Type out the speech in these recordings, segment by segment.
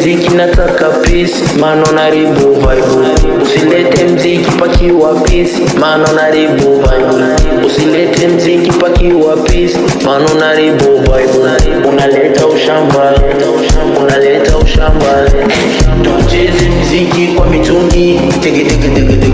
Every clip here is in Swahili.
mziki nataka peace, mano naribu vibe. Usilete mziki pakiwa peace, mano naribu vibe. Usilete mziki pakiwa peace, mano naribu vibe. Unaleta ushamba, unaleta ushamba. Tucheze mziki kwa mitungi, tege tege tege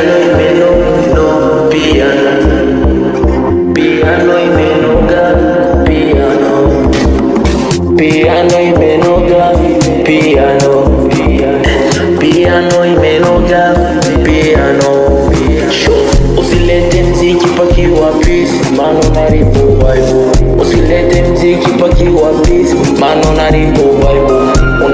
Piano piano, piano piano, piano piano, piano piano. e e e e Os Mano, nariz bobo, bobo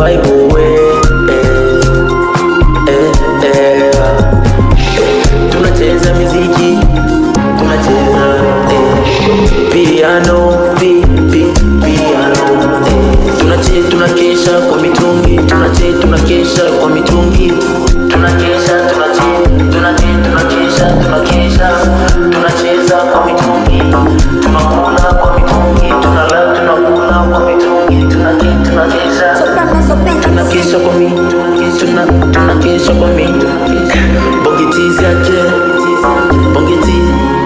vibe we eh, eh, eh, tunacheza miziki tunacheza eh, piano eh. tunacheza tunakesha kwa mitungi tunacheza tunakesha kwa mitungi Kesha kwa mimi Bongetizi aje Bongetizi